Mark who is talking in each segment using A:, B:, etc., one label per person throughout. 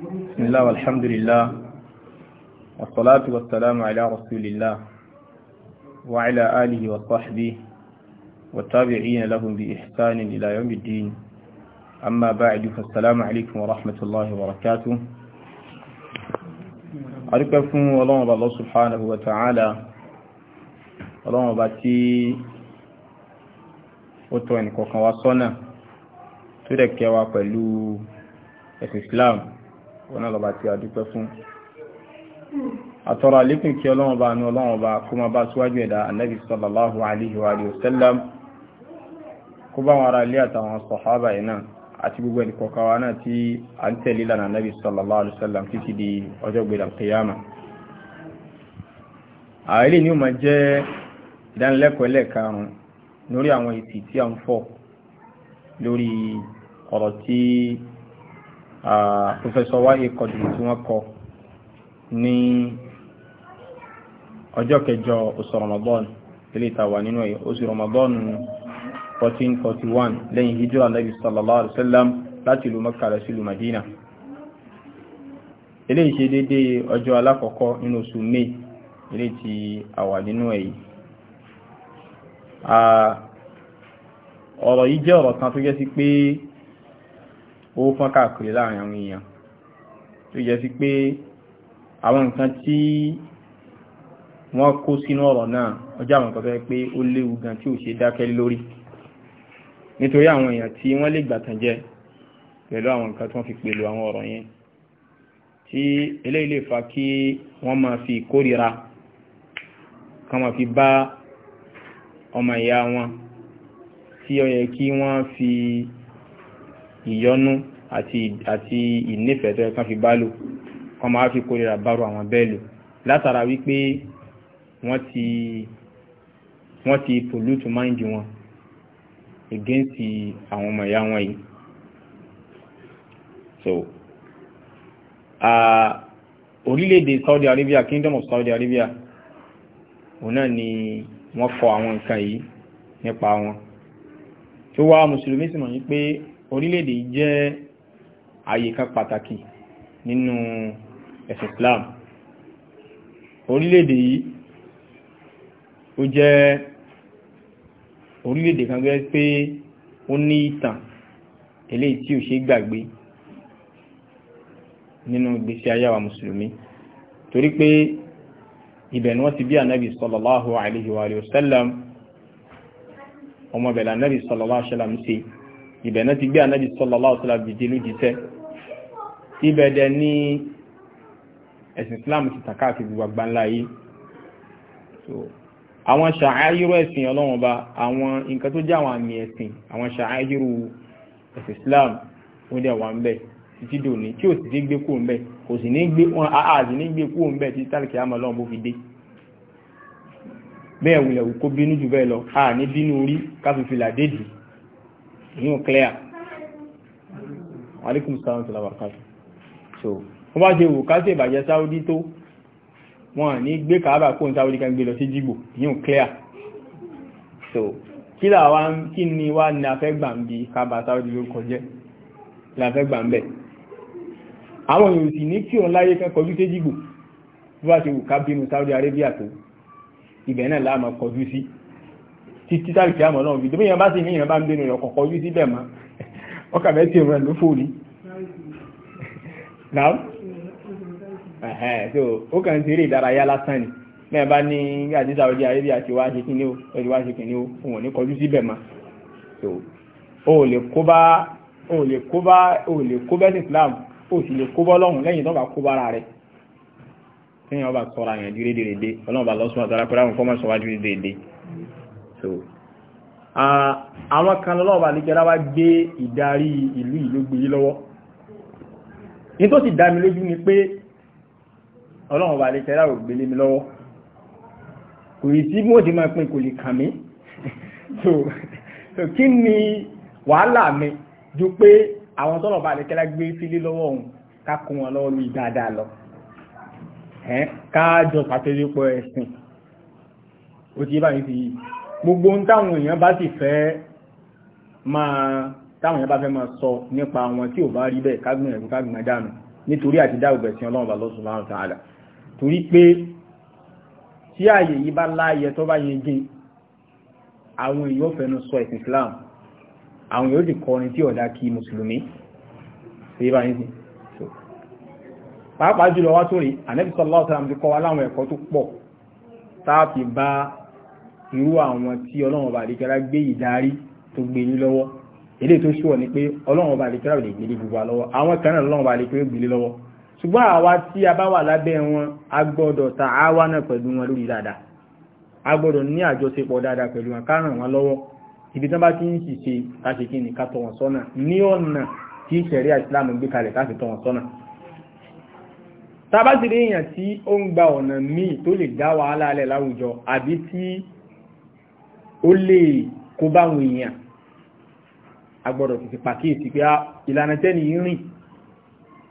A: بسم الله والحمد لله والصلاة والسلام على رسول الله وعلى آله وصحبه والتابعين لهم بإحسان إلى يوم الدين أما بعد فالسلام عليكم ورحمة الله وبركاته أركبكم والله الله سبحانه وتعالى والله باتي أتوين كوكا وصنا تدكي وقلو الإسلام wọn náà lọ́ba tí a dúpẹ́ fún àtọ́rọ àlékún kí ọlọ́run bá ní ọlọ́run bá kó máa bá síwájú ẹ̀dá anábì sallallahu alaihi wa sallam kó bá wọn ara ilé àtàwọn sọ̀hábà yìí náà àti gbogbo ẹni kọ̀ọ̀kan wa náà tí a ń tẹ̀lé lànà anábì sallallahu alaihi wa sallam Professor Wáyé Quadri tí wọ́n kọ ní ọjọ́ kẹjọ oṣù Ramadan ilé ìtawà nínú oṣù Ramadan 1441 lẹ́yìn hijira Nabi sallallahu alaihi wasallam láti ìlú Mẹ́kà lọ sí ìlú Madina ilé ìṣe dédé ọjọ́ alákọ̀ọ́kọ́ nínú oṣù May ilé ti àwà nínú èyí ọ̀rọ̀ yìí jẹ́ ọ̀rọ̀ kan tó jẹ́ sí pé ó fọ́n káàkiri láàrin àwọn èèyàn tó jẹ́ sí pé àwọn nǹkan tí wọ́n kó sínú ọ̀rọ̀ náà ọjọ́ àwọn nǹkan tó yẹ pé ó léwu gan tí ò ṣe dákẹ́ lórí nítorí àwọn èèyàn tí wọ́n lè gbàtàn jẹ pẹ̀lú àwọn nǹkan tí wọ́n fi pèlò àwọn ọ̀rọ̀ yẹn tí eléyìí lè fa kí wọ́n máa fi kórìíra kan máa fi bá ọmọ ìyá wọn tí ó yẹ kí wọ́n fi ìyọ́nú àti ìnífẹ̀ẹ́tọ́ kan fi bá lò kan máa fi kórìíra bárò àwọn bẹ́ẹ̀ lò látara wípé wọ́n ti wọ́n ti pollute mind wọn against àwọn ọmọ ìyá wọn yìí so orílẹ̀-èdè Saudi Arabia Kingdom of Saudi Arabia òun náà ni wọ́n fọ àwọn nǹkan yìí nípa wọn tó wá mùsùlùmí sì mọ̀ ní pé orílẹ̀-èdè jẹ́ ààyè kan pàtàkì nínú ẹ̀sìn Islam orílẹ̀-èdè yìí ó jẹ́ orílẹ̀-èdè kan gẹ́gẹ́ pé ó ní ìtàn eléyìí tí ò ṣe gbàgbé nínú ìgbésí ayé wa mùsùlùmí torí pé ibẹ̀ ni wọ́n ti bí ànábì sallallahu alayhi wa sallam ọmọbẹ̀lẹ̀ ànábì sallallahu alayhi wa sallam ṣe ibẹ̀ náà ti gbé ànábì sallallahu alayhi wa sallam dìde lójíṣẹ́ ibẹ̀dẹ̀ ní ẹ̀sìn Islam ti tàn káàkiri gbogbo ńlá yìí so àwọn ṣàáyírú ẹ̀sìn ọlọ́run ọba àwọn nǹkan tó jẹ́ àwọn àmì ẹ̀sìn àwọn ṣàáyírú ẹ̀sìn Islam ó dẹ̀ wà ń bẹ̀ títí dòní tí ò sì ti gbé kúrò ń bẹ̀ kò sì ní gbé wọn àáàzì ní gbé kúrò ń bẹ̀ títí tálìkì àmọ́ ọlọ́run bó fi dé bẹ́ẹ̀ wulẹ̀ kó bínú jù bẹ́ẹ̀ lọ a ní bínú orí káfí fìlà déjì ní ò clear alaikum salaam wa rahmatullahi so wọ́n bá ṣe wò ká ṣe ìbàjẹ́ sáúdí tó wọ́n ní gbé kàábà kó ń sáúdí kan gbé lọ sí jígbò yíò clear so kí làwa kí ni wá ní afẹ́gbà ń bi kàábà sáúdí ló kọjẹ́ ní afẹ́gbà ń bẹ̀ àwọn èèyàn sì ní kí òun láyé kan kọjú sí jígbò bí wá ṣe wò ká bínú sáúdí arábíà tó ibẹ̀ náà láàmà kọjú sí títí sáàkì àmọ́ náà fi dé bí èèyàn bá sì ní èèyàn bá ń bínú rẹ̀ kọ̀kọ́jú síbẹ̀ mọ́ ọkà mẹ́sì rẹ̀ ló fò náà ẹ̀hẹ́n so ó kàn ti eré ìdárayá lásán ni mẹ́ẹ̀ bá ní àti Saudi Arabia ti wá ṣe kíní o ẹ̀ ti wá ṣe kíní o fún wọn ní kọjú síbẹ̀ mà so o ò lè kó bá o ò o ò lè kó bẹ́ẹ̀ sí Islam o sì lè kó bọ́ lọ́hùn lẹ́yìn tó bá kó bára rẹ̀ tẹ́yìn ọba sọ́ra yẹn dúró dèrè dé ọlọ́run bá lọ́sùn àtàrà pẹ̀lú àwọn fọ́mọ̀ sọ́wájú dèrè dé so àwọn kan lọ́wọ́ bá lè jẹ́ láwá gbé ìdarí ìlú ìlú gbé lọ́wọ́ ní tó sì dá mi lójú ni pé ọlọ́run wà lè tẹ́lá ògbélé mi lọ́wọ́ kò rí sí mú òdí máa pín kò lè kàn mí so kí ni wàhálà mi ju pé àwọn tọ́lọ̀ bá lè tẹ́lá gbé sílé lọ́wọ́ òun ká kún wọn lọ́wọ́ lórí dáadáa lọ ká jọ pàtẹ́lẹ́ pọ̀ ẹ̀sìn ó ti bá mi ti gbogbo ohun táwọn èèyàn bá sì fẹ́ máa táwọn èèyàn bá fẹ́ máa sọ nípa wọn tí ò bá rí bẹ́ẹ̀ kágbìn ẹ̀rù kágbìn náà dànù nítorí àti dá ògbẹ̀ sí ọlọ́run Allah subhanahu wa ta'ala torí pé tí ààyè yìí bá láàyè tó bá yẹn gé àwọn èèyàn fẹnu sọ ẹ̀sìn Islam àwọn èèyàn sì kọrin tí ọ̀dà kí mùsùlùmí ṣe é bá yín sí pàápàá jùlọ wá sórí ànábì sallallahu alaihi wasallam ti kọ́ wa láwọn ẹ̀kọ́ tó pọ̀ táàfi bá irú àwọn tí ọlọ́run bá lè kẹ́ra gbé ìdarí tó gbé ní lọ́wọ́ ilé tó ṣùwọ̀ ni pé ọlọ́run ọba àlekẹ́rà ò lè gbélé gbogbo wa lọ́wọ́ àwọn kan náà lọ́run ọba àlekẹ́rà gbélé lọ́wọ́ ṣùgbọ́n àwa tí a bá wà lábẹ́ wọn a ta àwa náà pẹ̀lú wọn lórí dáadáa a gbọ́dọ̀ ní àjọṣepọ̀ dáadáa pẹ̀lú wọn ká ràn wọn lọ́wọ́ ibi tán bá ti ń ṣiṣe káṣe kí ni ká tọ́ wọn sọ́nà ní ọ̀nà tí ìṣẹ̀rí Islam gbé kalẹ̀ káṣe tọ́ wọn sọ́nà tàbátìrí èèyàn tí ó ń gba ọ̀nà míì tó lè dá wàhálà alẹ́ láwùjọ àbí tí ó lè kó báwọn èèyàn agbọ́dọ̀ ti fi pàkíyèsí pé ah, ìlànà tẹ́ni rìn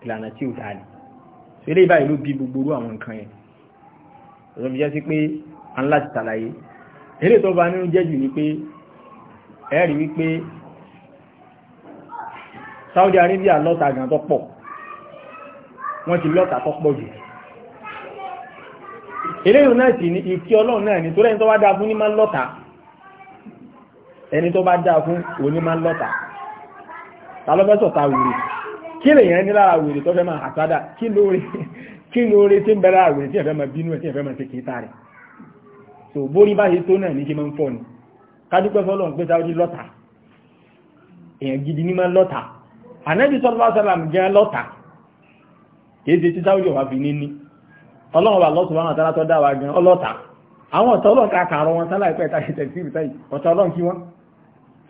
A: ìlànà tí ò dáa ni so ilé ìbáyìí ló bí gbogbo orú àwọn nǹkan yẹn ọ̀rọ̀ mi jẹ́ sí pé a ń láti tàlàyé eré tó bá nínú jẹ́jù ni pé ẹ̀rí wípé Saudi Arabia lọ́ta gan tó pọ̀ wọ́n ti lọ́ta tó pọ̀ jù eléyìí náà sì ni ìkí ọlọ́run náà ni tó lẹ́yìn tó wá dáa fún ní máa ń lọ́ta ẹni tó bá dá fún òní máa ń lọ́ta tàlọ́fẹ́sọ̀ ta wèrè kí lè yẹn ní lára wèrè tó fẹ́ máa àtádà kí lóore tí ń bẹ̀rẹ̀ àwèrè tí ẹ̀fẹ́ máa bínú ẹ̀ tí ẹ̀fẹ́ máa ṣe kìíta rẹ̀ so bórí bá ṣe tó náà ní ṣe máa ń fọ́ ni kádúpẹ́ fọ́lọ́n pé sáwọ́dí lọ́ta èèyàn gidi ní máa lọ́ta ànábì sọ́lọ́wọ́ sálàm jẹ́ lọ́ta kìí ṣe tí sáwọ́dí ọ̀wá fi ní ní ọlọ́run wà lọ́sùn wọn àtàlátọ́ dá wa gan ọlọ́ta àwọn ọ̀tọ́ ọlọ́ta kààrọ̀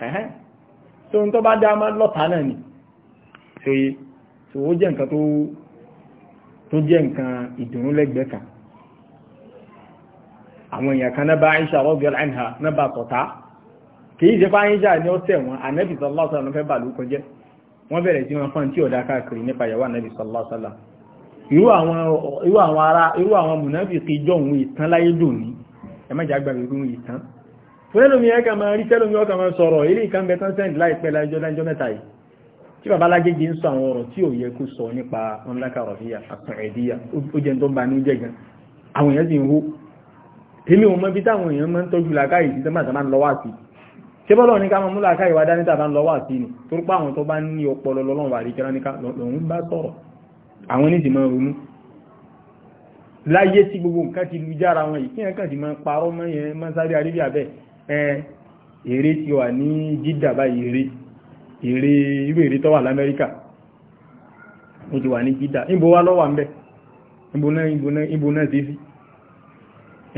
A: ẹ̀hẹ́n so n tó bá dá máa lọ́ta náà ni so yé so ó jẹ́ nǹkan tó jẹ́ nǹkan kan àwọn èèyàn kan náà bá Aisha radiyallahu anha náà bá tọ̀tá kìí ṣe fáyín jà ní wọn ànẹ́bì sallallahu alaihi wasallam nípa àwọn àwọn fúnlẹ́lómi ẹ̀ka máa rí tẹ́lómi ọkà máa sọ̀rọ̀ ilé ìkan bẹ tán sẹ́ǹd láìpẹ́ lájọ́ lájọ́ mẹ́ta yìí tí bàbá alágége ń sọ àwọn ọ̀rọ̀ tí ò yẹ kó sọ nípa ọ̀nláka ba ní jẹ́ gan àwọn èèyàn sì ń hó èmi ò mọ bí táwọn èèyàn máa ń tọ́jú ni tó rúpa àwọn tó bá ní ọpọlọ lọ́lọ́run wà ríkẹ́rá ní ká lòun bá sọ̀rọ̀ àwọn ní sì máa ronú láyé tí gbogbo nǹkan ti lu jára wọn yìí kí ti máa parọ́ mọ́ yẹn máa sáré èrè eh, ti wà ní Jidda báyìí èrè èrè irú èrè wà l'Amẹ́ríkà o ti wà ní Jidda níbo wá lọ́wà ń bẹ̀ níbo náà sí sí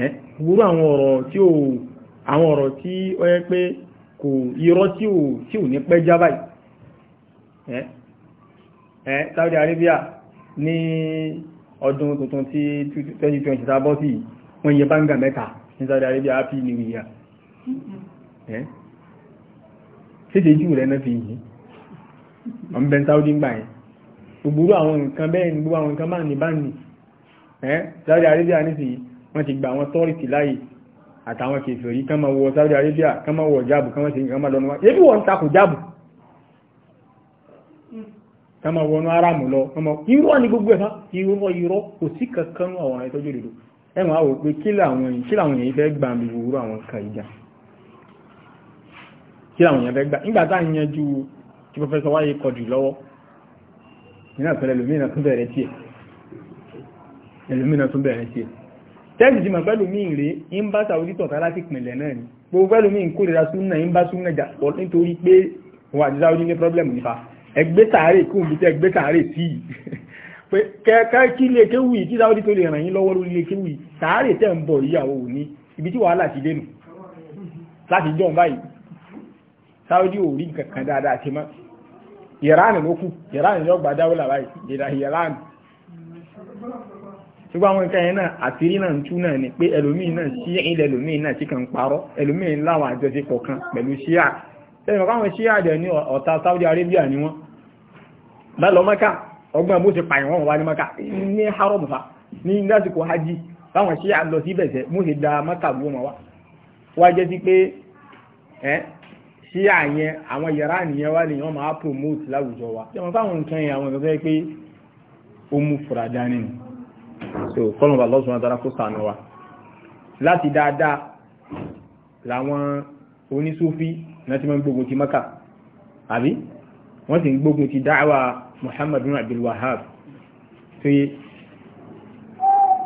A: eh, gbogbo àwọn ọ̀rọ̀ tí ó àwọn ọ̀rọ̀ tí ó yẹ pé kò irọ́ tí ò tí ò ní pẹ́ ẹ́ eh, Saudi Arabia ní ọdún tuntun 2020 sí wọ́n yẹ báńgà mẹ́ta ní ṣéṣe rẹ̀ náà fi yìí ọmọ bẹ́ẹ̀ saudi ń gbà yẹn ògbúrú àwọn nǹkan bẹ́ẹ̀ ni gbogbo àwọn nǹkan máa ní Saudi Arabia nísìnyí wọ́n ti gba àwọn tọ́rìtì láàyè àtàwọn kèfèrí kán máa wọ Saudi Arabia kán máa wọ jáàbù kán máa ṣe nǹkan máa lọ́nà wọ́n takò kán máa lọ kò kí àwọn èèyàn fẹ́ gbà nígbà tá à ń yanjú tí pọ́fẹ́sọ̀ wáyé kọjú lọ́wọ́ nínú àpẹẹrẹ ẹlòmíràn tún bẹ̀rẹ̀ tiẹ̀ ẹlòmíràn tún bẹ̀rẹ̀ tiẹ̀ tẹ́sì ti mọ̀ pẹ́lú míì rèé ń bá sàwọ́dítọ̀ tá láti pìnlẹ̀ náà ni gbogbo pẹ́lú míì ń kórira súnà ń bá súnà jà pọ̀ nítorí pé wọn àti sáwọ́dí ní pọ́blẹ́mù nípa ẹgbẹ́ tààrẹ kó omi tẹ́ ẹgbẹ́ tààrẹ sí i kéwì kí sáwọ́dí tó lè ràn yín lọ́wọ́ lórí kéwì tààrẹ tẹ́ ń bọ̀ ìyàwó òní ibi tí wàhálà ti dé láti jọ̀ báyìí saudi ò rí nǹkan kan dáadáa ti mọ́ ìran ló kù ìran yóò gba dáwọ́là báyìí ìran ṣùgbọ́n àwọn nǹkan yẹn náà àtìrí náà ń tú náà ni pé ẹlòmíì náà sí ilẹ̀ ẹlòmíì náà sí kan parọ́ ẹlòmíì láwọn àjọṣepọ̀ kan pẹ̀lú ṣíà tẹ́lẹ̀ káwọn ṣíà ní ọ̀tá Saudi Arabia ni wọ́n bá lọ ọgbọ́n fa ní lásìkò hajj ṣíà lọ sí ibẹ̀sẹ̀ mo ṣe da mọ́kà ló wá wá jẹ́ ṣí àyẹn àwọn yàrá nìyẹn wá nìyẹn wọn máa promote láwùjọ wa jọmọ fáwọn nǹkan yẹn àwọn nǹkan fẹ́ pé ó mú fura dání ni so kọ́nà bá lọ́sùn àtàrà kó sànù wa láti dáadáa làwọn onísúfí náà ti máa ń gbógun ti maka àbí wọ́n sì ń gbógun ti dáwà Muhammadu Abdul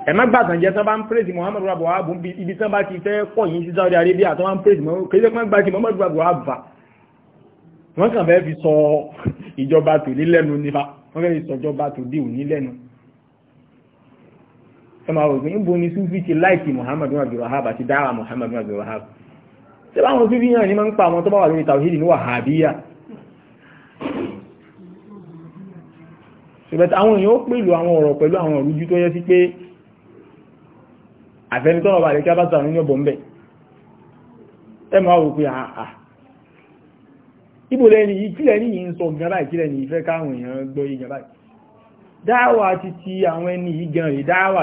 A: ẹ má gbàtàn jẹ́ tán bá ń praise muhammadu rabu abu ibi tán bá ti fẹ́ pọ̀ yìí sí saudi arabia tán bá ń praise kéde pọ́n gbàtì muhammadu rabu abba wọ́n kàn fẹ́ fi sọ ìjọba tòní lẹ́nu nípa wọ́n fẹ́ fi sọ ìjọba tòdí òní lẹ́nu ẹ máa wò pé níbo ni sufi ti láìsí muhammadu rabu abba àti dára muhammadu rabu abba ṣé báwọn sufi yàn ní máa ń pa àwọn tó bá wà lórí tàwíìdì ní wàhábíyà ṣùgbọ́n àwọn èèyàn ó pèlú àwọn ọ̀rọ̀ pẹ̀lú àwọn ìrújú tó yẹ sí pé àfẹnitọ́rọ̀ bá àríkẹ́ bá sàrún ní ọbọ̀ ń bẹ̀ ẹ máa wò pé àà ah, ìbòlẹ̀ ah. ni ìkílẹ̀ ní yìí ń sọ gan báyìí kílẹ̀ ní ìfẹ́ káwọn èèyàn gbọ́ yìí gan báyìí dáwà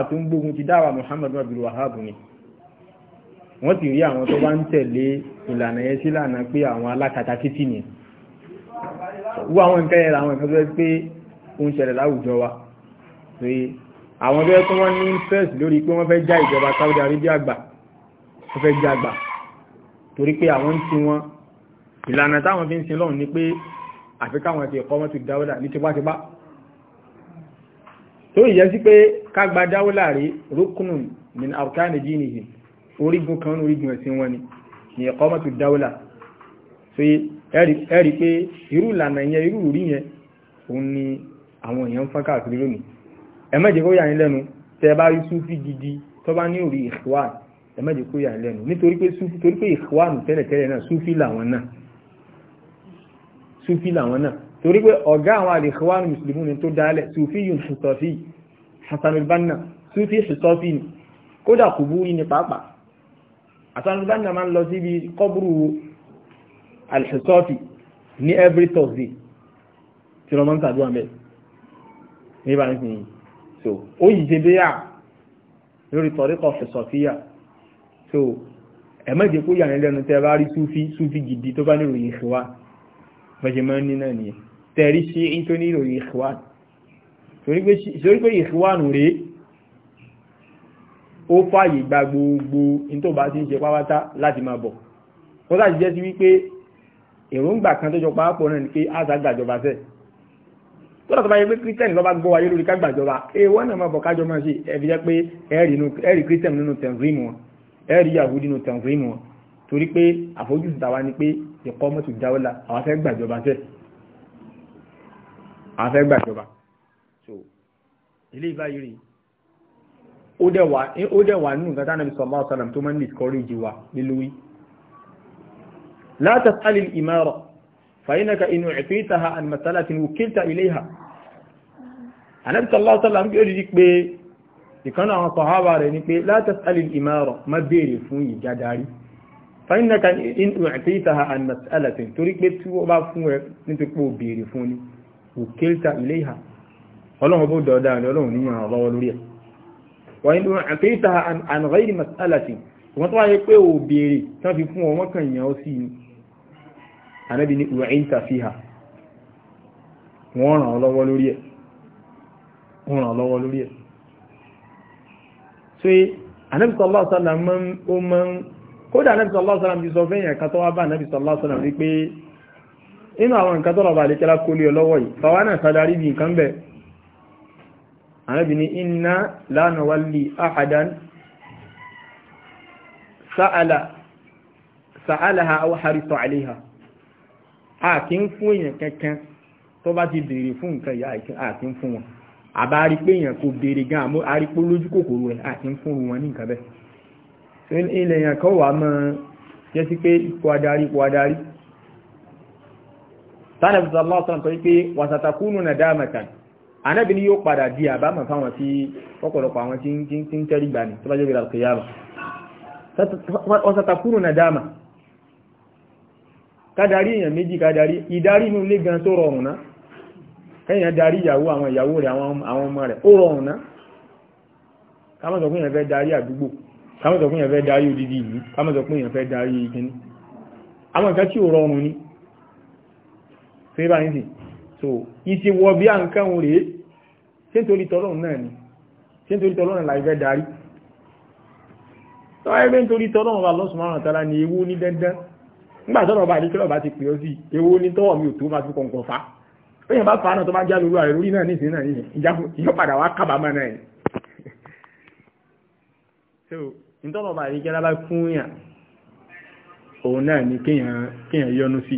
A: Muhammadu Abdul Wahab ni wọ́n ti rí àwọn tó bá ń tẹ̀lé ìlànà yẹn sílànà pé àwọn alákatá títì ni wọ́n àwọn bẹ́ẹ̀ tó wọ́n ní interest lórí pé wọ́n fẹ́ já ìjọba Saudi Arabia gbà wọ́n fẹ́ já gbà torí pé àwọn tí wọ́n ìlànà táwọn fi ń sin lọ́hùn ni pé àfikà àwọn ti ẹ̀kọ́ mọ́tò dáwọ́dà ní tipátipá tó ìyẹ́ sí pé kágbà dáwọ́dà rí rúkùnù min arkani dínihì orígun kan orígun ẹ̀sìn wọn ni ní ẹ̀kọ́ mọ́tò dáwọ́dà so ẹ̀rí pé irú ìlànà yẹn irú rí yẹn òun ni àwọn èèyàn ń fọ́n káàkiri lónìí ẹ má jẹ́ kó yà yín lẹ́nu tẹ́ ẹ bá rí súfì gidi tó bá ní orí ìhwan ẹ má jẹ́ kó yà yín lẹ́nu nítorí pé súfì torí pé ìhwan tẹ́lẹ̀tẹ́lẹ̀ náà súfì làwọn náà súfì làwọn náà torí pé ọ̀gá àwọn àlèkọ́wàá mùsùlùmí ni tó dálẹ̀ súfì yùn ṣùtọ́fì Hassan al-Banna ni kódà kùbúrí ni pàápàá Hassan máa ń lọ síbi kọ́bùrù al ní every Thursday tí wọ́n máa ń sàdúrà mẹ́ ní ìbáraẹ̀sìn so ó yìí bí yà lórí tọ̀ríkọ̀ fẹ̀sọ̀fíyà so ẹ̀mẹ́jẹ̀ kó yà nílẹ́nu tẹ́ bá rí súfí súfí gidi tó bá níròyìn ìṣòwà bẹ́jẹ̀mọ́ nínà nìyẹn tẹ̀rí ṣe ń tó níròyìn ìṣòwà torí pé ìṣòwà nù rèé ó fàyè gba gbogbo in tó bá ti ń ṣe pápátá láti máa bọ̀ ó láti jẹ́ sí wípé èròǹgbà kan tó jọ pàápọ̀ náà ni pé àṣà gbàjọba lọ́dọ̀ tó bá yẹ pé kírísítẹ́nì lọ́ba gbọ́ wáyé lórí kágbàjọba èèwọ̀ eh, náà máa bọ̀ kájọ máa ṣe ẹ̀fí jẹ́ pé ẹ̀rí kírísítẹ́nì nínú tẹ̀nzímù wọn ẹ̀rí yahudi nínú tẹ̀nzímù wọn torí pé àfojúsùn tàwa ni pé ìkọ́ mọ́tò dáwọ́lá àwọn afẹ́ gbàjọba tẹ̀ àwọn afẹ́ gbàjọba so ilé ìbáyìí rí ó dẹ̀ wà nínú nǹkan tánàbí sọ̀rọ̀ máa sọ̀rọ̀ tó máa ń discourage wa lélórí Ànábì sallallahu alaihi wasallam yóò rí pé ìkànnà àwọn sàhábà rẹ̀ ni pé la tas'alil imara má béèrè fún ìjà darí fàínàkà inú àtẹ́yìtàhà and masalatin torí pé tí wọ́n bá fún ẹ nítorí pé ó béèrè fún ní òkèlta ilé ìhà ọlọ́run bó dọ̀ọ́dá rẹ̀ ọlọ́run níyàn lọ́wọ́ lórí ẹ̀ wà inú àtẹ́yìtàhà and ghairi masalatin wọ́n tó ń ràn lọ́wọ́ lórí ẹ̀ ṣe Ànábì sallallahu alaihi wasallam ó mọ́ kódà Ànábì sallallahu alaihi wasallam ti sọ fẹ́yìn ẹ̀ka tó wá bá Ànábì sallallahu alaihi wasallam wípé inú àwọn nǹkan tọ́lọ̀ bá lékẹ́lá kó lé ọlọ́wọ́ yìí fàwa náà sadarí bí nǹkan bẹ̀ Ànábì ní inna la nuwalli ahadan sa'ala sa'alaha aw harisa 'alayha àbá rí pé èèyàn kò béèrè gan àmọ́ arípò lójú kòkòrò rẹ̀ àti ń fún wọn ní nǹkan bẹ́ẹ̀ so ilẹ̀ èèyàn kan wà mọ́ jẹ́ sí pé ipò adarí ipò adarí tánàbí sallallahu alaihi wasallam sọ pé wàsàtàkùnù nà dáàmàtà anábì ni yóò padà di àbámọ̀ fáwọn tí ọ̀pọ̀lọpọ̀ àwọn tí ń tẹ́rí gbà ní tó bá jẹ́ bí al-qiyamah nà dáàmà kádàrí èèyàn méjì kádàrí ìdarí inú ilé gan tó rọrùn náà kẹ́yìn darí ìyàwó àwọn ìyàwó rẹ̀ àwọn ọmọ rẹ̀ ó rọrùn ná kámọ́sọ̀ pé èèyàn fẹ́ darí àdúgbò kámọ́sọ̀ pé èèyàn fẹ́ darí odidi ìlú kámọ́sọ̀ pé èèyàn fẹ́ darí ìkíní àwọn nǹkan tí ò rọrùn ni ṣe so ìṣe wọ bí à ń kẹ́hùn rèé ṣé nítorí tọ́lọ́run náà ni ṣé nítorí tọ́lọ́run la fẹ́ darí tọ́wọ́ ẹgbẹ́ nítorí tọ́lọ́run wa lọ́sùn márùn-ún ni ewu ní dandan nígbà tọ́lọ́ bá àdékẹ́lọ́ bá ti pè ọ́ sí ewu ní tọ́wọ́ mi ò tó máa fi kọ̀ǹkọ̀ fa èèyàn bá fàánà tó bá já lórí àìrórí náà ní ìsinmi náà yìí ìjọ padà wá kábàámọ̀ náà yìí so ìtọ́lọ̀bà yìí jẹ́lá bá fún yàn òun náà ni kéèyàn yọnu sí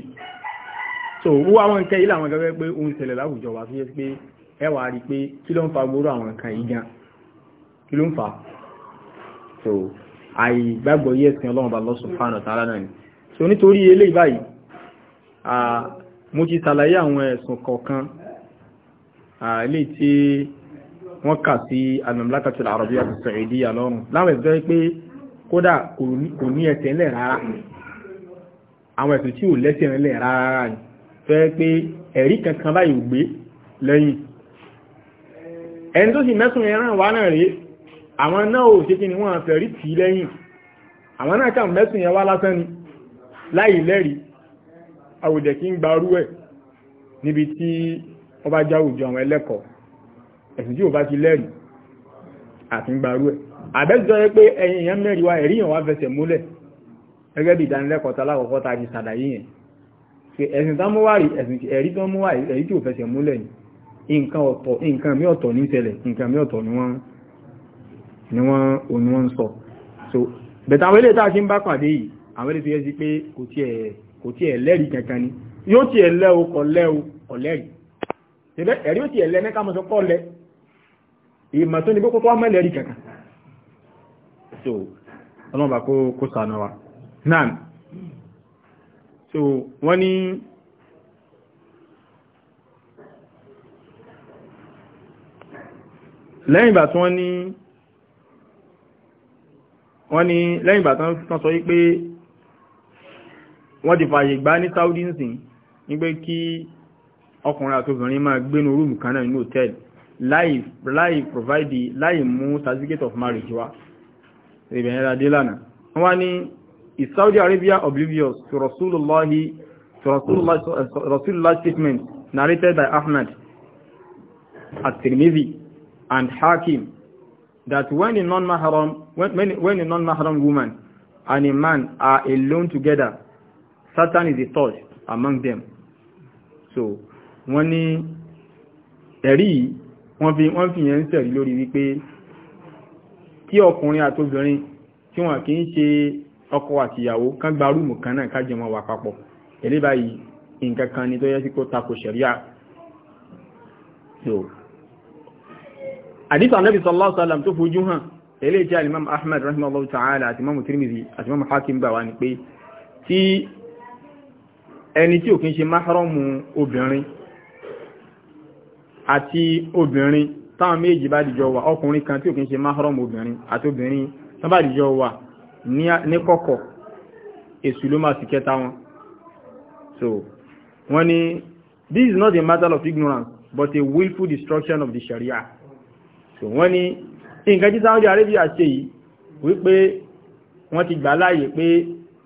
A: so wú àwọn nǹkan yìí làwọn gẹ́gẹ́ pé òun ṣẹlẹ̀ láwùjọ wà fi pé ẹ wà rí pé kí ló ń fa gbóró àwọn nǹkan yìí gan kí ló ń fa so àìgbàgbọ́ yẹ̀sìn ọlọ́run bá lọ́sùn fáànà tààrà náà ni so nítorí eléyìí báyìí mo ti ṣàlàyé àwọn ẹ̀sùn kọ̀ọ̀kan àìlè tí wọ́n kà sí al-Mamlakatu al-Arabiyya as-Saudiyya lọ́rùn láwọn pé kódà kò ní ẹsẹ̀ rárá àwọn ẹ̀sùn tí ò lẹ́sẹ̀ rárá ni tó yẹ pé ẹ̀rí kankan báyìí ò gbé lẹ́yìn ẹni tó sì mẹ́sùn ẹran wà náà rèé àwọn náà ò ṣe kí ni wọ́n fẹ̀rí tì í lẹ́yìn àwọn náà kà mẹ́sùn yẹn wá lásán ni láì lẹ́rìí àwòdẹ̀ kí ń gbarú ẹ̀ níbi tí wọ́n bá jáwùjọ àwọn ẹlẹ́kọ̀ọ́ ẹ̀sìn tí ò bá ti lẹ́rìí àti ń gbarú ẹ̀ àbẹ́sìtọ́ yẹ pé ẹ̀yìn èèyàn mẹ́rin wa ẹ̀rí yàn wá fẹsẹ̀ múlẹ̀ gẹ́gẹ́ bí ìdánilẹ́kọ̀ọ́ talákọ̀ọ́kọ́ ta ti sàlàyé yẹn ẹ̀sìn tán mú rí ẹ̀rí tán mú wá ẹ̀rí tí fẹsẹ̀ múlẹ̀ ni nǹkan ọ̀tọ̀ nǹkan mí so bẹ̀tà àwọn ilé tá a ti ń kò tí ẹ̀ lẹ́rìí kankan ni yóò tí ẹ̀ lẹ́ o kọ̀ lẹ́ o kọ̀ lẹ́rìí tẹ́lẹ̀ ẹ̀rí ó tí ẹ̀ ní káàmù kọ́ lẹ ìmọ̀ tó ní pé kókó ọmọ lẹ́rìí kankan so ọlọ́run bá kó sànà wa náà so wọ́n ní lẹ́yìn ìgbà tí wọ́n ní wọ́n ní lẹ́yìn ìgbà tí wọ́n sọ wípé wọ́n ti fàyè gbá ní Saudi nsìn nígbé kí ọkùnrin àti obìnrin máa gbénu rúùmù kan náà nínú hòtẹ́ẹ̀lì láì láì provide láì mú certificate of marriage wá ìbẹ̀yẹn adé lánàá wọ́n wá ní is Saudi Arabia oblivious to Rasulullah, to Rasulullah, Rasulullah statement narrated by Ahmad at-Tirmidhi and Hakim that when a non-mahram when a non-mahram woman and a man are alone together Satan is the third among them so wọ́n ní ẹ̀rí wọ́n fi wọ́n fi yẹn ń sẹ̀rí lórí wípé kí ọkùnrin àtobìnrin tí wọ́n kì í ṣe ọkọ àtìyàwó kán gba rúùmù kan náà kájọ mọ́ wà papọ̀ èlé báyìí nǹkan kan ni tó yẹ sí kó tako ṣẹ̀ríà so àdìsọ anábì sallallahu alaihi wasallam tó fojú hàn eléyìí tí alimam Ahmad rahimahullah ta'ala àti mamu Tirmidhi àti mamu Hakim bá wa ni pé tí ẹni tí ò kí ń ṣe máhárọ́mù obìnrin àti obìnrin táwọn méjì bá dìjọ wà ọkùnrin kan tí ò ṣe máhárọ́mù obìnrin àti obìnrin tán bá dìjọ wà ní kọ̀kọ̀ èṣù ló máa sì kẹta wọn so wọ́n ní this is not a matter of ignorance but a willful destruction of the sharia so wọ́n ní nǹkan tí Saudi Arabia ṣe yìí wípé wọ́n ti gbà láàyè pé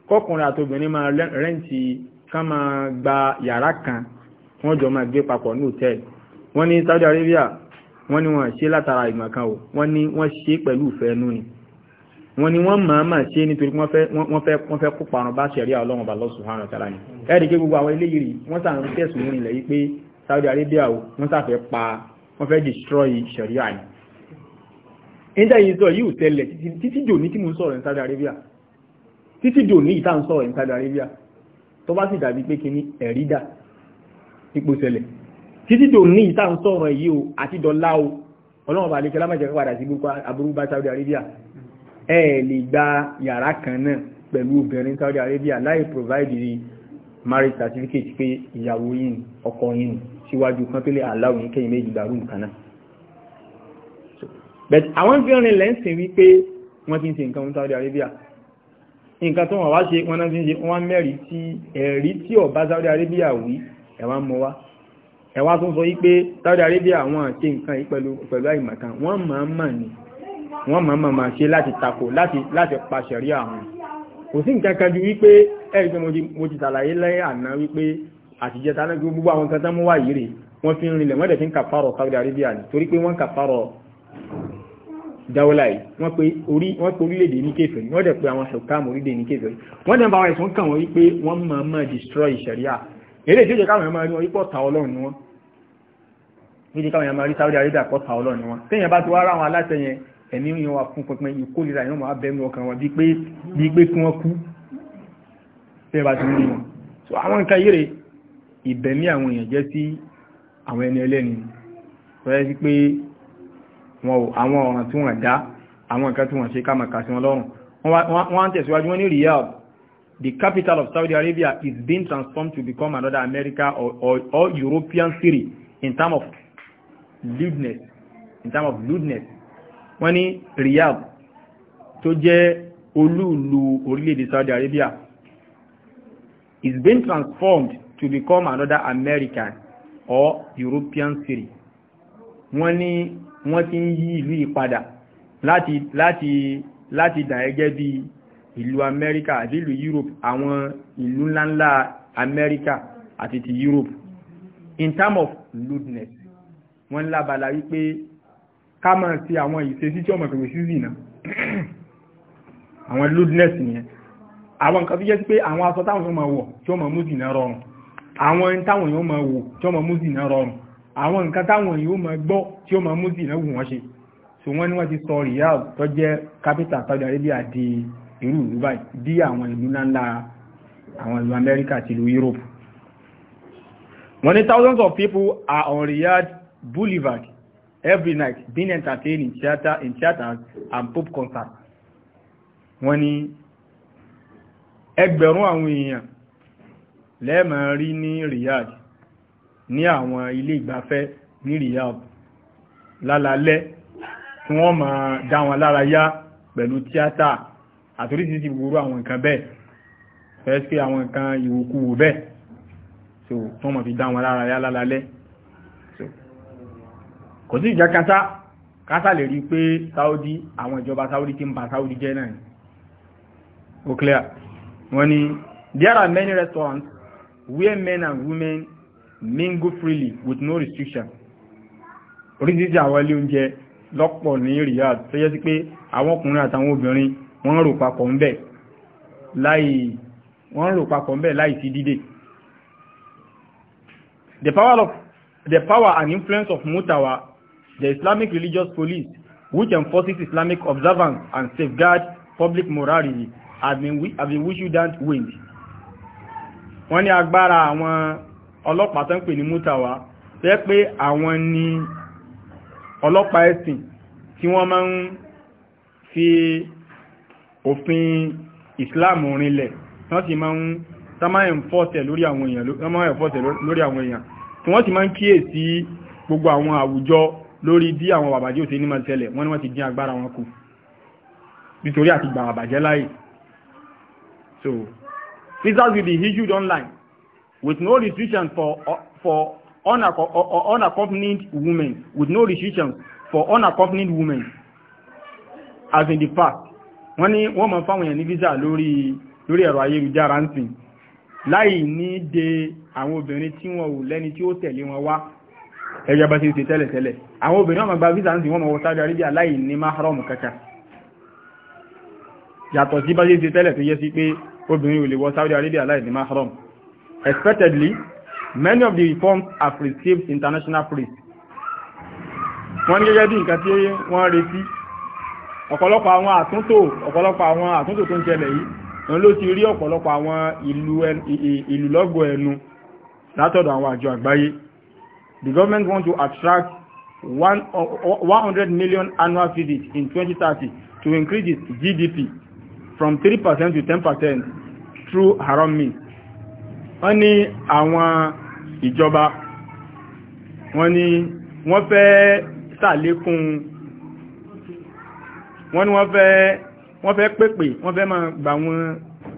A: kọkùnrin àtobìnrin máa rẹ́ǹtì ká máa gba yàrá kan wọ́n jọ máa gbé papọ̀ ní hòtẹ́ẹ̀lì wọ́n ní Saudi Arabia wọ́n ní wọ́n ṣe látara ìmọ̀ kan o wọ́n ní wọ́n ṣe pẹ̀lú ìfẹ́ inú ni wọ́n ní wọ́n máa máa ṣe nítorí wọ́n fẹ́ kó parun bá ṣẹ̀rí ọlọ́run bá Allah subhanahu wa ta'ala ni ẹ̀rí pé gbogbo àwọn eléyìí rí wọ́n sàn ń tẹ̀sùn ní ilẹ̀ yìí pé Saudi Arabia o wọ́n sàfẹ́ pa wọ́n fẹ́ destroy ṣẹ̀rí àní níta yìí sọ yìí ò tẹ́lẹ̀ títí dòní tí mo sọ̀rọ̀ ní Saudi Arabia títí dòní ìta ń sọ̀rọ̀ ní Saudi Arabia tó bá sì dàbí pé kí ní ẹ̀rí dà ipò ṣẹlẹ̀ títí tó ní ìta ń sọ̀rọ̀ yìí o àti dọ́là o ọlọ́run bá lè kí lámàjẹ́ padà sí aburú bá Saudi Arabia ẹ lè gba yàrá kan náà pẹ̀lú obìnrin Saudi Arabia láì provide the marriage certificate pé ìyàwó yìí ọkọ yìí síwájú kan tó lè aláwọ̀ yìí kẹ́yìn méjì gbàrú nǹkan náà but àwọn fi rìn lẹ́sìn wípé wọ́n ti ń ṣe nǹkan Saudi Arabia nǹkan tó wọ́n wá ṣe wọ́n náà fi ń ṣe wọ́n mẹ́rin tí ẹ̀rí tí ọba Saudi Arabia wí ẹ̀wà mọ́ wá ẹ̀wà tó ń sọ wípé Saudi Arabia wọ́n àti nǹkan yìí pẹ̀lú àìmọ̀kan wọ́n máa ń mà ní wọ́n máa ń mà ṣe láti takò láti láti àwọn kò sí nǹkan kan ju wípé ẹ̀rí pé mo ti tàlàyé lẹ́yìn àná wípé àtijẹ́ta náà gbogbo àwọn nǹkan tán mú wá yìí rè wọ́n fi ń rinlẹ̀ wọ́n dẹ̀ fi ń kàfàrọ̀ Saudi Arabia ni torí pé wọ́n kàfàrọ̀ dáwọ́lá yìí wọ́n pe orí wọ́n pe orílẹ̀-èdè ní kèfèrí wọ́n dẹ̀ pe àwọn ṣọ̀káàmù orílẹ̀-èdè ní kèfèrí wọ́n dẹ̀ bá wọn ẹ̀sùn kàn wọ́n wípé wọ́n máa máa destroy ìṣẹ̀ríà èdè tí ó jẹ́ káwọn ẹ̀ máa rí wọn wípé ọ̀tá ọlọ́run ni wọ́n ó jẹ́ káwọn ẹ̀ máa rí Saudi Arabia kọ́ ọ̀tá ọlọ́run ni wọ́n téèyàn bá ti wá ráwọn aláṣẹ yẹn ẹ̀mí yẹn wà fún pínpín ìkórira yẹn máa bẹ́ẹ̀ ọkàn wọn bíi pé bíi pé kí wọ́n kú bẹ́ẹ̀ bá ti rí wọn so àwọn nǹkan yìí rè ìbẹ̀mí àwọn èèyàn jẹ́ sí àwọn ẹni ẹlẹ́ni rẹ̀ sí àwọn ọ̀ràn tí wọ́n dá àwọn nǹkan tí wọ́n ṣe ká máa kà sí wọn lọ́rùn wọ́n ń tẹ̀síwájú wọ́n ní Riyadh the capital of Saudi Arabia is being transformed to become another America or, or, or European city in terms of lewdness in terms of lewdness wọ́n ní Riyadh tó jẹ́ olúùlú orílẹ̀-èdè Saudi Arabia is being transformed to become another American or European city wọ́n ní wọ́n ti ń yí ìlú ìpadà láti láti láti dà gẹ́gẹ́ bí ìlú amẹ́ríkà àti ìlú europe àwọn ìlú ńláńlá amẹ́ríkà àti ti europe in term of lewdness wọ́n lábala wípé ká máa ti àwọn ìṣesí tí ọmọ ìpèwé sí zìnà àwọn lewdness nìyẹn àwọn nǹkan tó jẹ́ sí pé àwọn aṣọ táwọn yóò máa wọ̀ tí ó máa rọrùn àwọn táwọn yóò máa wò tí ó máa rọrùn àwọn nǹkan táwọn yìí ó gbọ́ tí ó máa mú sí ìnáwó wọn ṣe so wọ́n ní wọ́n ti sọ Riyadh tó jẹ́ capital Saudi Arabia di ìlú báyìí bí àwọn ìlú ńláńlá àwọn ìlú Amẹ́ríkà àti ìlú Europe wọ́n ní thousands of people are on Riyadh Boulevard every night being entertained in theater in theaters and pop concerts wọ́n ní ẹgbẹ̀rún àwọn èèyàn lẹ́ẹ̀mọ̀ rí ní Riyadh ní àwọn ilé ìgbafẹ́ ní Riyadh lálálẹ́ tí wọ́n máa dá wọn lára yá pẹ̀lú tíátà àtúrísìsì gbogbo àwọn nǹkan bẹ́ẹ̀ fẹ́ẹ́ àwọn nǹkan ìwòkúwò bẹ́ẹ̀ so wọ́n máa fi dá wọn lára yá lálálẹ́ so kò sí ìjà kátá kátá lè rí pé Saudi àwọn ìjọba Saudi ti ń ba Saudi jẹ́ náà ó clear wọ́n ní there are many restaurants where men and women mingle freely with no restriction oríṣiríṣi àwọn ilé oúnjẹ lọ́pọ̀ ní Riyadh tó yẹ sí pé àwọn ọkùnrin àtàwọn obìnrin wọ́n rò papọ̀ ń bẹ̀ láì wọ́n rò papọ̀ ń bẹ̀ láì sí dídè the power of the power and influence of Mutawa the Islamic religious police which enforces Islamic observance and safeguards public morality have been, have been whistled down wind wọ́n ní agbára àwọn ọlọ́pàá tó pè ní mútàwá tẹ́ pé àwọn ni ọlọ́pàá ẹ̀sìn tí wọ́n máa ń fi òfin Islam rinlẹ̀ wọ́n sì máa ń tamáyẹ̀ fọ́tẹ̀ lórí àwọn èèyàn tí wọ́n sì máa ń kíyè sí gbogbo àwọn àwùjọ lórí bí àwọn bàbàjẹ́ òsè ní máa tẹ́lẹ̀ wọ́n ni wọ́n ti dín agbára wọn kù nítorí àti gbà bàbàjẹ́ láyè so visas will be issued online with no restriction for, for unaccompanied women, with no restriction for unaccompanied women, as in the past. Wọ́n ní wọ́n máa fáwọn èèyàn visa lórí lórí ẹ̀rọ ayélujára ń sìn láì ní de àwọn obìnrin tí wọ́n ò lẹ́ni tí ó tẹ̀lé wọn wá ẹgbẹ́ bá ti ṣe tẹ́lẹ̀tẹ́lẹ̀ àwọn obìnrin wọ́n máa gba visa ń sìn wọ́n máa wọ Saudi Arabia láì ní mahram kankan yàtọ̀ sí bá ṣe ṣe tẹ́lẹ̀ tó yẹ sí pé obìnrin ò lè wọ Saudi Arabia láì ní mahram Expectedly, many of the reforms have received international praise. Wọ́n ní gẹ́gẹ́ bí nǹkan tí wọ́n retí. Ọ̀pọ̀lọpọ̀ àwọn àtúntò ọ̀pọ̀lọpọ̀ àwọn àtúntò tó ń ṣẹlẹ̀ yìí, òun ló ti rí ọ̀pọ̀lọpọ̀ àwọn ìlú lọ́gọ̀ ẹnu látọ̀dọ̀ àwọn àjọ àgbáyé. The government wants to attract 100 million annual visits in 2030 to increase its GDP from 3% to 10% through haram means wọ́n ní àwọn ìjọba wọ́n ní wọ́n fẹ́ ṣàlékún wọ́n ní wọ́n fẹ́ wọ́n fẹ́ pèpè wọ́n fẹ́ máa gbà wọn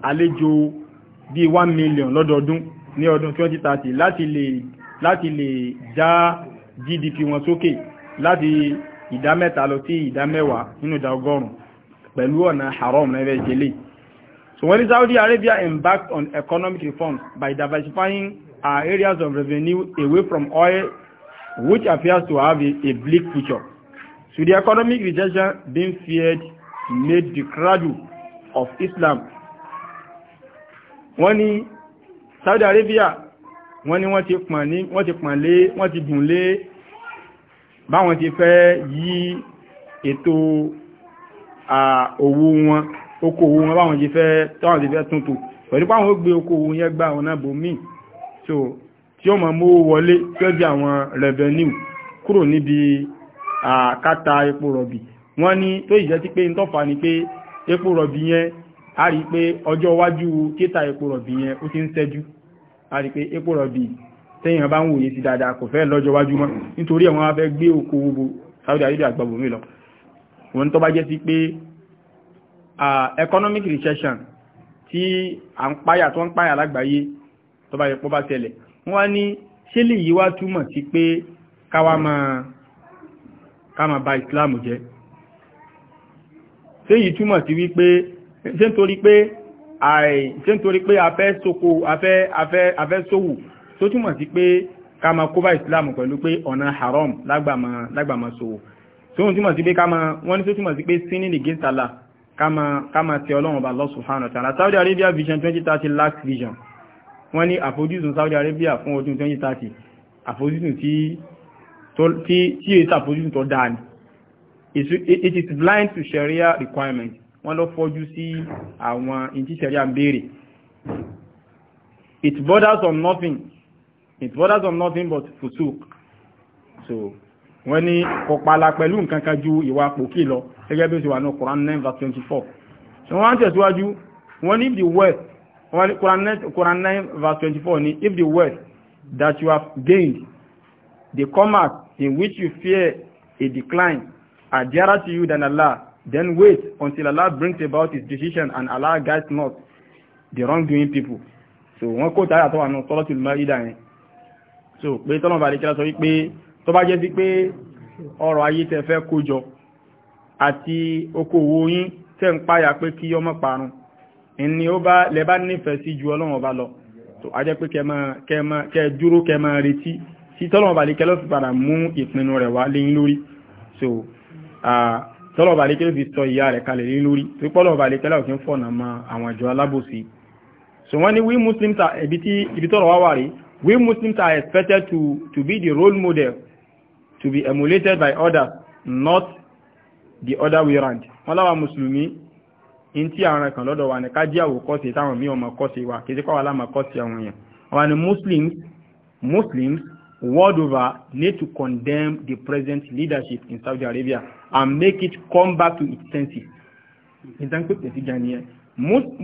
A: àlejò bíi one million lọ́dọọdún ní ọdún 2030 láti lè já GDP wọn sókè láti ìdá mẹ́ta lọ sí ìdá mẹ́wàá nínú ìdá ọgọ́rùn-ún pẹ̀lú ọ̀nà haram náà fẹ́ ṣe So when Saudi Arabia embarked on economic reforms by diversifying our areas of revenue away from oil, which appears to have a, a bleak future. So the economic recession being feared made the cradle of Islam. Wọ́n ní Saudi Arabia, wọ́n ní wọ́n ti pàn ní, wọ́n ti pàn lé, wọ́n ti gùn lé, báwọn ti fẹ́ yí ètò owó wọn. Oko wọn báwọn jẹ fẹ́ táwọn jẹ fẹ́ tuntun pẹ̀lú páwọn ó gbé okòwò yẹn gba ọ̀nà bòmíì so tí ó mọ̀ mú wọlé tí ó jẹ́ àwọn revenue kúrò níbi àkáta epo rọ̀bì wọ́n ní tó ìjẹ́ tí pé ń ni pé epo rọ̀bì yẹn a rí pé ọjọ́ iwájú kíta epo rọ̀bì yẹn ó ti ń ṣẹ́jú a rí pé epo rọ̀bì tẹ́yìn bá ń wòye sí dáadáa kò fẹ́ lọ́jọ́ iwájú mọ́ nítorí àwọn afẹ́ gbé okòwò Saudi Arabia gbàgbọ́ mi lọ wọ́n tó bá jẹ́ sí pé economic recession tí à ń páyà tó ń páyà lágbàáyé tó bá yẹ pọ́ bá ṣẹlẹ̀ wọ́n ní ṣé lè yí wá túmọ̀ sí pé káwa máa ká máa ba Islam jẹ́ ṣé yìí túmọ̀ sí wípé ṣé nítorí pé àì ṣé nítorí pé afẹ́ soko afẹ́ afẹ́ afẹ́ sówù tó túmọ̀ sí pé ká máa kó bá islam pẹ̀lú pé ọ̀nà haram lágbàmà lágbàmà sòwò tó ń túmọ̀ sí pé ká máa wọ́n ní tó túmọ̀ sí pé sinning against Allah kama tí ọlọ́run bá Allah subhanahu wa ta'ala Saudi Arabia vision 2030 last vision wọ́n ní àfojúsùn Saudi Arabia fún ọdún 2030 àfojúsùn tí èyí àfojúsùn tó dáa ni it is blind to Sharia requirement wọ́n lọ fọ́jú sí àwọn ìtí Sharia ń béèrè it borders on nothing it borders on nothing but fusuk so wọ́n ní kò pala pẹ̀lú nǹkan kan ju ìwà pòkì lọ gẹ́gẹ́ bí ó ṣe wà ní Quran nine verse twenty four so wọ́n á tẹ̀síwájú wọ́n ní if the wealth wọ́n ní Quran Quran nine verse twenty four if the wealth that you have gained the come in which you fear a decline are dearer to you than Allah then wait until Allah brings about his decision and Allah guides not the wrongdoing people so wọ́n kó tàyà tó wà ní Suratul Maida yẹn so pé tọ́lọ́mọba àdìkẹ́lá sọ wípé tó bá jẹ́ sí pé ọrọ̀ ayé tẹ fẹ́ kójọ àti okòwò yín tẹ́ ń páyà pé kí ọmọ parun ni ó bá lẹ́bá nífẹ̀ẹ́ sí ju ọlọ́run ọba lọ tó a jẹ́ pé kẹ dúró kẹ máa retí tí tọ́lọ́run ọba lékẹ́ ló padà mú ìpinnu rẹ̀ wá lé lórí so tọ́lọ́run ọba lékẹ́ ló fi sọ ìyá rẹ̀ kalẹ̀ lé lórí tó pọ́lọ́run ọba lékẹ́ fọ̀nà mọ àwọn àjọ alábòsí so wọ́n ní we muslims are ibi tọ́rọ̀ wá wà rí we muslims are expected to, to be the role model to be emulated by others not the other way round wọ́n láwa mùsùlùmí in tí àwọn kan lọ́dọ̀ wa ní ká jẹ́ táwọn míì ọmọ kọ́ṣe wa kì í kọ́ wa láma àwọn èèyàn àwọn ni muslims muslims world over need to condemn the present leadership in Saudi Arabia and make it come back to its senses ìtàn pé pèsè gan nìyẹn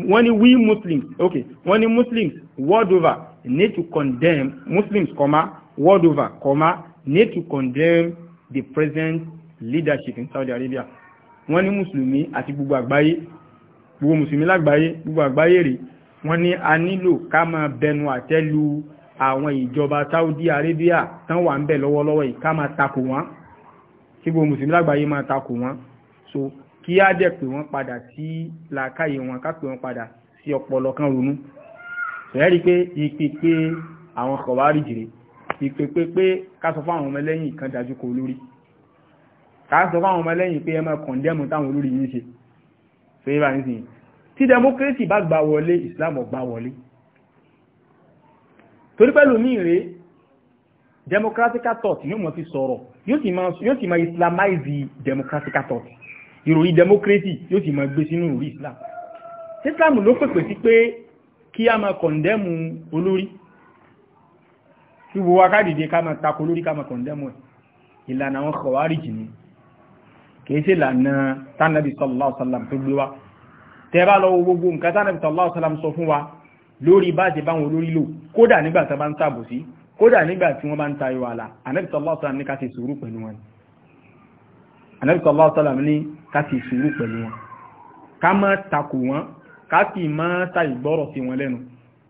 A: wọ́n ní we muslims okay wọ́n ní muslims world over need to condemn muslims comma world over comma need to condemn the present leadership in Saudi Arabia wọ́n ní mùsùlùmí àti gbogbo àgbáyé gbogbo mùsùlùmí lágbàáyé gbogbo àgbáyé rẹ̀ wọ́n ní a nílò ká máa bẹnu àtẹ́lu àwọn ìjọba Saudi Arabia tán wà ń bẹ̀ lọ́wọ́lọ́wọ́ yìí ká máa takò wọ́n kí gbogbo mùsùlùmí lágbàáyé so kí á dẹ̀ pè wọ́n padà sí làákàyè wọn ká pè wọ́n padà sí ọpọlọ ìpèpè pé ká sọ fáwọn ọmọ lẹ́yìn kan dájú kọ olórí ká sọ fáwọn ọmọ lẹ́yìn pé ẹ máa kọ̀ndẹ́mù táwọn olórí yìí ṣe so yíba ní sìn tí democracy bá gbà wọlé Islam gbà wọlé torí pẹ̀lú ní ìrè democratical thought yóò mọ̀ fi sọ̀rọ̀ yóò sì máa islamize democratical thought ìròyìn democracy yóò sì máa gbé sínú ìròyìn Islam Islam ló pèpè sí pé kí a máa kọ̀ndẹ́mù olórí tí gbogbo wa ká dìde ká máa tako lórí ká máa kọ̀ndẹ́mù ẹ̀ ìlànà àwọn kọ̀wárìjì ni kìí sí ìlànà tánàbí sallallahu alaihi wasallam tó gbé wa tẹ́ bá lọ gbogbo nǹkan tánàbí sallallahu alaihi wasallam sọ fún wa lórí bá ti báwọn olórí lò kódà nígbà tí wọ́n bá ń ṣàbòsí kódà nígbà tí wọ́n bá ń tayọ àlà ànábì sallallahu alaihi wasallam ní ká ṣe sùúrù pẹ̀lú wọn ànábì sallallahu alaihi wasallam ní ká ṣe takò wọn ká sì má ta ìgbọ́rọ̀ sí wọn lẹ́nu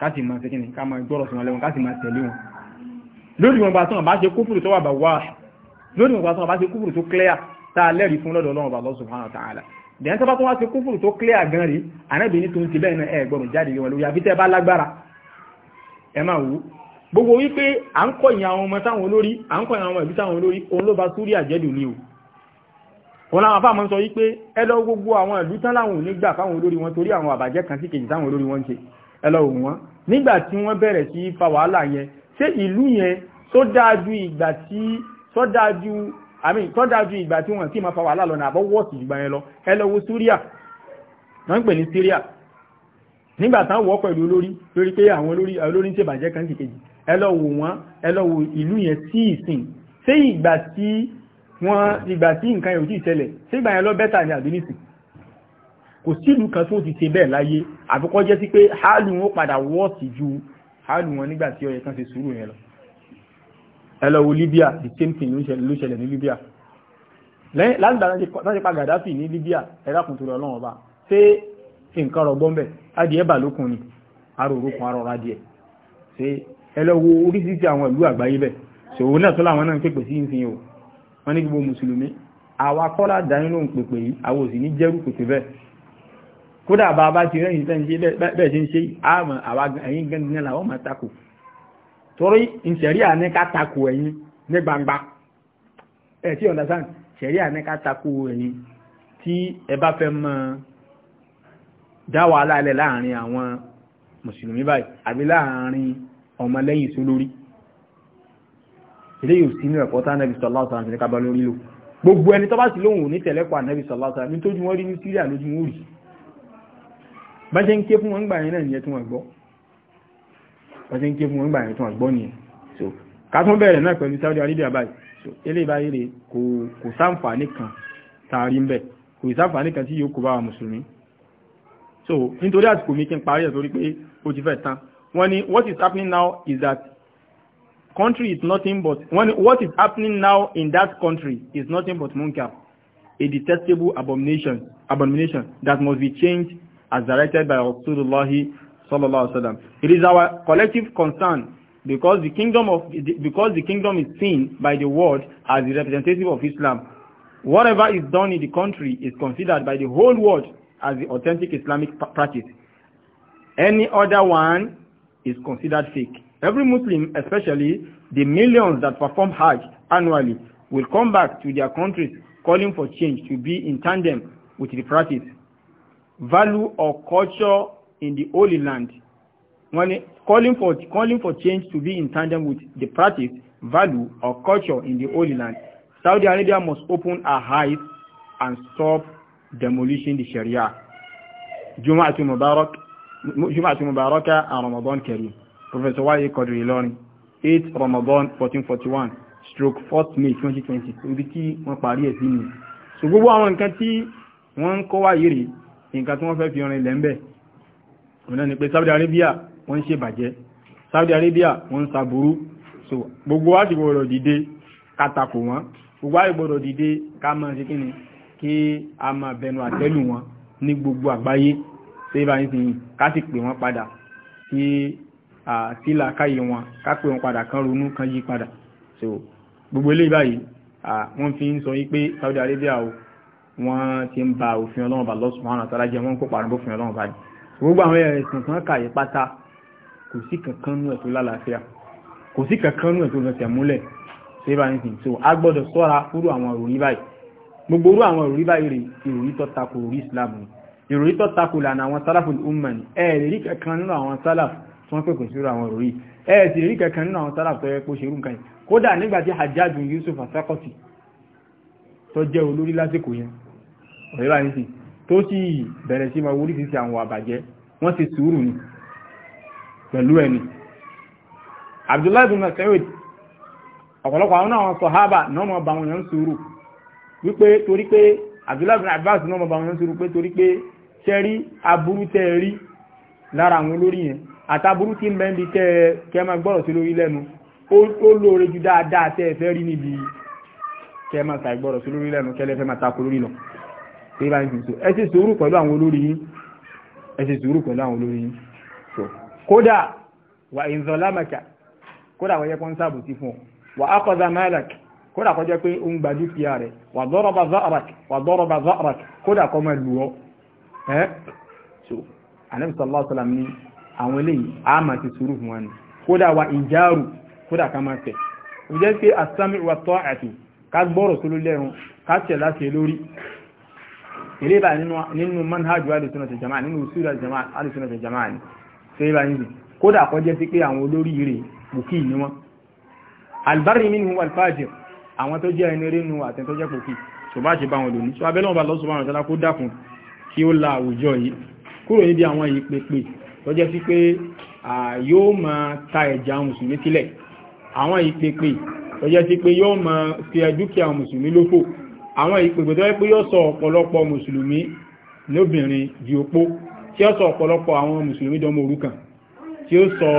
A: ká sì má ṣe ká má ìgbọ́rọ̀ sí wọn lẹ́nu ká sì má tẹ̀lé wọn lórí wọn bá tán bá ṣe kúfùrù tó wà bá wá lórí wọn bá tán bá ṣe kúfùrù tó clear tá a lẹ́rìí fún lọ́dọ̀ ọlọ́run Allah subhanahu wa ta'ala dẹ̀yẹn sábà tó wá ṣe kúfùrù tó clear gan rí ànábì ní tòun ti bẹ́ẹ̀ náà ẹ̀ gbọ́dọ̀ jáde wọn lórí àfi tẹ́ bá lágbára gbogbo wípé à ń kọ́ ọmọ táwọn olórí à ń táwọn olórí òun ló ẹ lọ gbogbo àwọn ìlú tán láwọn wọn torí àwọn kan ṣé ìlú yẹn tó dájú ìgbà tí tó dájú àmì tó dájú ìgbà tí wọ́n ti máa fa wàhálà lọ́nà àbọ̀ wọ́ọ̀sì ìgbà yẹn lọ ẹ lọ wo Syria wọ́n ń pè ní Syria nígbà táwọn wọ́ pẹ̀lú olórí lórí pé àwọn olórí olórí ń ṣe bàjẹ́ kan kìkejì ẹ lọ wò wọ́n ẹ lọ wo ìlú yẹn sí ìsìn ṣé ìgbà tí wọ́n ìgbà tí nǹkan yẹn ò tíì ṣẹlẹ̀ ṣé ìgbà yẹn lọ bẹ́tà ní àdúrísì kò sílùú kan tó ti ṣe bẹ́ẹ̀ láyé àbíkọ́ jẹ́ sí pé hálù wọn padà wọ́ọ̀sì ju hálù wọn nígbà tí ó yẹ kán ṣe sùúrù yẹn lọ ẹ lọ wo Libya the same thing ló ṣẹlẹ̀ ní Libya lẹ́yìn láti gbà láti pa Gaddafi ní Libya ẹ̀rá kùn torí ọlọ́run ọba ṣé nǹkan rọgbọ́n bẹ̀ adìẹ bà lókun ni aròrò kan arọ̀rọ̀ adìẹ ṣe ẹ lọ wo oríṣiríṣi àwọn ìlú àgbáyé bẹ̀ ṣòwò náà tó làwọn náà ń pèpè sí ìsìn o wọ́n ní gbogbo mùsùlùmí àwa kọ́lá dánílò ń pèpè yìí àwọn òsì ní jẹ́rù pèpè bẹ́ẹ̀ kódà bá bá ti rẹ́yìn tẹ́ǹṣe bẹ́ẹ̀ ṣe ń ṣe àmọ́ àwọn ẹ̀yìn gangan làwọn máa takò torí ìṣẹ̀rí àní ká takò ẹ̀yìn ní gbangba ẹ̀ tí ọ̀dásán ṣẹ̀rí àní ká takò ẹ̀yìn tí ẹ bá fẹ́ mọ́ dá wàhálà alẹ́ láàrin àwọn mùsùlùmí báyìí àbí láàrin ọmọlẹ́yìn sólórí eléyìí ò sí ní ẹ̀kọ́ tá nẹ́bí sọ̀lá ọ̀sán àti ní ká lò gbogbo ẹni tó bá sì lóhùn ò ní tẹ̀lẹ́kọ̀ ànẹ́bí sọ̀lá ọ̀sán ní tójú wọn rí ní síríà lójú wọn rí bá ṣe ń ké fún wọn gbà yẹn náà nìyẹn tí wọ́n bá ṣe ń ké fún wọn gbà yẹn tí wọ́n gbọ́ nìyẹn so ká tún bẹ̀rẹ̀ náà pẹ̀lú Saudi Arabia báyìí so eléyìí what is happening now is that country is nothing but wọ́n what is happening now in that country is nothing but cap, a detestable abomination abomination that must be changed as directed by Rasulullah sallallahu alaihi wasallam. It is our collective concern because the kingdom of because the kingdom is seen by the world as the representative of Islam. Whatever is done in the country is considered by the whole world as the authentic Islamic practice. Any other one is considered fake. Every Muslim, especially the millions that perform Hajj annually, will come back to their countries calling for change to be in tandem with the practice value or culture in the Holy Land. When calling for calling for change to be in tandem with the practice, value or culture in the Holy Land, Saudi Arabia must open her eyes and stop demolishing the Sharia. Juma'atu Mubarak, Mubaraka and Ramadan Kareem. Professor Waye Qadri Ilorin, 8 Ramadan 1441, stroke 4th May 2020. Ibi tí wọ́n parí ẹ̀ ni. So gbogbo àwọn nǹkan tí wọ́n ń kọ́ wáyé rèé nǹkan tí wọ́n fẹ́ fi rìn lẹ́m̀bẹ̀ òun náà ni pé Saudi Arabia wọ́n ń ṣe bàjẹ́ Saudi Arabia wọ́n ń sàbúrú so gbogbo wa ti gbọ́dọ̀ dìde ká takò wọ́n gbogbo wa ti gbọ́dọ̀ dìde ká máa ṣe kíni kí a máa bẹnu àtẹ́lù wọn ní gbogbo àgbáyé ṣé bá ń sìn ká sì pè wọ́n padà sí sílà káyé wọn ká pè wọ́n padà kan ronú kan yí padà so gbogbo eléyìí báyìí wọ́n fi ń sọ yí pé Saudi Arabia o wọ́n ti ń ba òfin ọlọ́run bá lọ́sùn àwọn àtàrà jẹ́ wọ́n ń kópa àrùn òfin ọlọ́run bá ní gbogbo àwọn ẹ̀sìn kan kàyé pátá kò sí kankan nú ẹ̀ tó lálàáfíà kò sí kankan nú ẹ̀ tó lọ́tẹ̀ múlẹ̀ tó yẹ bá ní sìn so a gbọ́dọ̀ sọ́ra fúrú àwọn ìròyìn báyìí gbogbo orú àwọn ìròyìn báyìí rè ìròyìn tó tako orí Islam ni ìròyìn tó tako lànà àwọn sálàfù umma ni ẹ lè olórí lásìkò yẹn ọ̀rẹ́ bá ní sí tó sì bẹ̀rẹ̀ sí ma wúrí sí sí àwọn àbàjẹ́ wọ́n ti sùúrù ni pẹ̀lú ẹni Abdullahi bin Mas'ud ọ̀pọ̀lọpọ̀ àwọn àwọn sọ̀hábà náà mọ̀ bá wọn yàn sùúrù wípé torí pé Abdullahi bin Abbas náà mọ̀ bá wọn yàn sùúrù pé torí pé ṣẹ́rí aburú tẹ́ rí ó lóore ju dáadáa tẹ́ rí níbi kẹ́ máa sí lórí lẹ́nu kẹ́lẹ́ fẹ́ takò lórí lọ ṣe bá ń fi so ẹ ṣe sùúrù pẹ̀lú àwọn olórí yín ẹ ṣe sùúrù pẹ̀lú àwọn olórí yín so kódà wà ìzọlámàkà kódà wọ́n yẹ kó ń sáàbù sí fún ọ wà ákọ̀dá málàk kódà kọjá pé ó ń gba dúkìá rẹ̀ wà dọ́rọ̀bà záàràk kódà kọ́ máa lù ọ́ ẹ́ so anabi sallallahu alaihi wasallam ni àwọn eléyìí a máa ti sùúrù fún wa ni kódà wà ìjáàrù kódà ká máa tẹ̀ ó jẹ́ pé asami wa tọ́ àti ká gbọ́rọ̀ sólú lẹ́run ká tẹ̀ láti lórí ilé bá nínú manhajj alìsúnà ti jama'a nínú usúlù alìsúnà ti jama'a ni ṣe bá níbi kódà kọ́ jẹ́ sí pé àwọn olórí rẹ̀ pòkì ní wọn albarri minhu wal fajir àwọn tó jẹ́ ẹni rínú àti tó jẹ́ pòkì tó bá ṣe bá wọn lónìí so abẹ́lẹ́ wọn bá lọ́sọ̀ wọn tẹ́lá kó dákun kí ó la àwùjọ yìí kúrò níbi àwọn yìí pépè tó jẹ́ sí pé yóò máa ta ẹ̀jẹ̀ àwọn mùsùlùmí sílẹ̀ àwọn yìí pépè tó jẹ́ sí pé yóò máa fi dúkìá mùsùlùmí lófò àwọn ìpègbè tó yẹ pé yóò sọ ọ̀pọ̀lọpọ̀ mùsùlùmí lóbìnrin di opó tí ó sọ ọ̀pọ̀lọpọ̀ àwọn mùsùlùmí dọmọ òrukàn tí ó sọ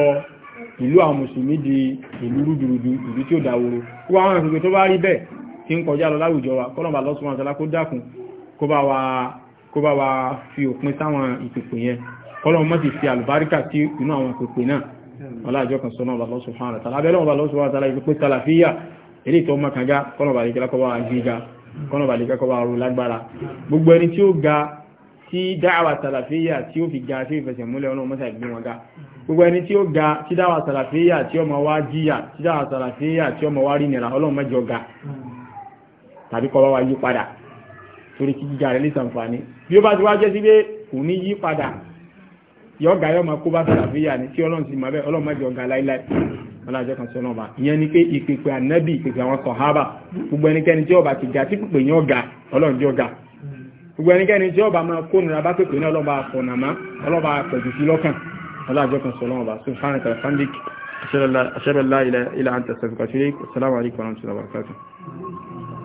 A: ìlú àwọn mùsùlùmí di ìlú rúdurùdu ìlú tí ó dáwòrò kó àwọn ìpègbè tó bá rí bẹ́ẹ̀ tí ń kọjá lọ láwùjọ wa kọ́lọ̀bà lọ́sùn àtàlá kó dákun kó bá wa kó bá wa fi òpin sáwọn ìpèpè yẹn kọ́lọ̀ mọ́ ti fi àlùbáríkà sí kọ́nà bàlẹ̀ kẹ́kọ̀ọ́ bá rú lágbára gbogbo ẹni tí ó ga tí dáwà sàlàfíyà tí ó fi ga tí ó fẹsẹ̀ múlẹ̀ ọlọ́run mọ́sà ìgbé wọn ga gbogbo ẹni tí ó ga tí dáwà sàlàfíyà tí ọmọ wá jíyà tí dáwà sàlàfíyà tí ọmọ wá rí nira ọlọ́run mẹ́jọ ga tàbí kọ́ bá wá yí padà torí kí gíga rẹ̀ lè sàǹfààní bí ó bá ti wá jẹ́ sí pé kò ní yí padà yọ́ga yọ́ máa kó bá sàlàfíyà ni tí ọlọ́run ti máa bẹ́ ọlọ́run mẹ́jọ ga láíláí ọlájọ́ kan sí ọlọ́ba ìyẹn ni pé ìpèpè ànábì ìpèpè àwọn sọ̀hábà gbogbo ẹnikẹ́ni tí ọba ti ga tí pèpè yẹn ọ̀gá ọlọ́run jẹ́ ọ̀gá gbogbo ẹnikẹ́ni tí ọba máa kó nira bá pèpè ní ọlọ́ba àfọ̀nàmá ọlọ́ba pẹ̀jù sí lọ́kàn ọlájọ́ kan sí ọlọ́ba sọ̀fánà tàlàfándìk aṣẹ́rẹ́lá ilẹ̀ àǹtẹ̀sẹ̀fẹ̀kàṣírí assalamu alaikum warahmatullahi wabarakatuh